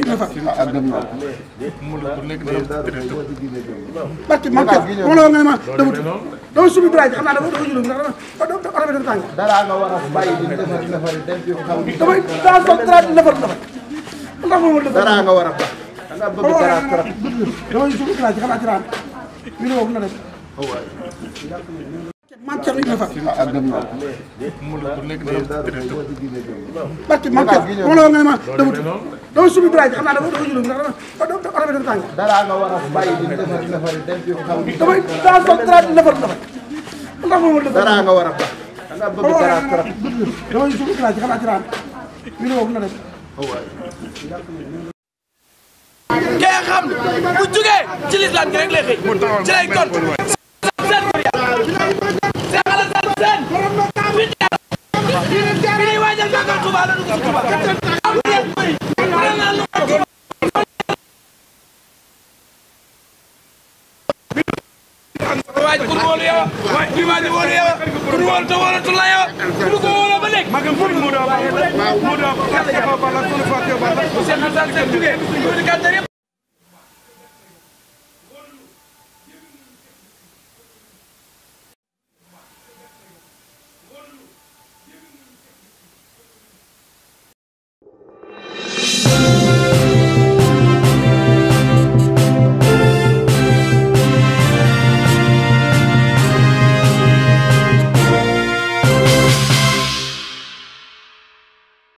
rek nga fàttali. ah ak dem naa ko. mu nekk dara dara boo ci génnee déglu. parce que man kay ma la wax nga ne ma dama tudd dama subi braaj xam naa dafa dafa juróom ndax dama oto bi dafa tàng. dara nga war a bàyyi nga war a da maam Thierno Ibrahima Fall. ah ak gëm naa ko. parce que maam Thierno moom la woon nga ne ma dama tudd dama subi braaj xam naa dafa dafa juróom ndax dama dafa oto bi dafa tàng. dara nga war a bàyyi di defar defar denc yu xaw ma. damay daa soog dara di defar defar. ndax moom la dara nga war a baax. da nga bëgg dara trop. damay subi braaj xam naa ci raam. mi ne boobu na def. kee xam bu jugee ci lislam gi rek lay xëy ci lay tontu. waaj pour waaj bi waaj wóolu yow pour wóolu te wóolatu la yow bu ko wóoloo ba léegi magam pour mu do ba mu do parce que papa la ko fa ko ba ko sen sa sen jugé ko Thank you.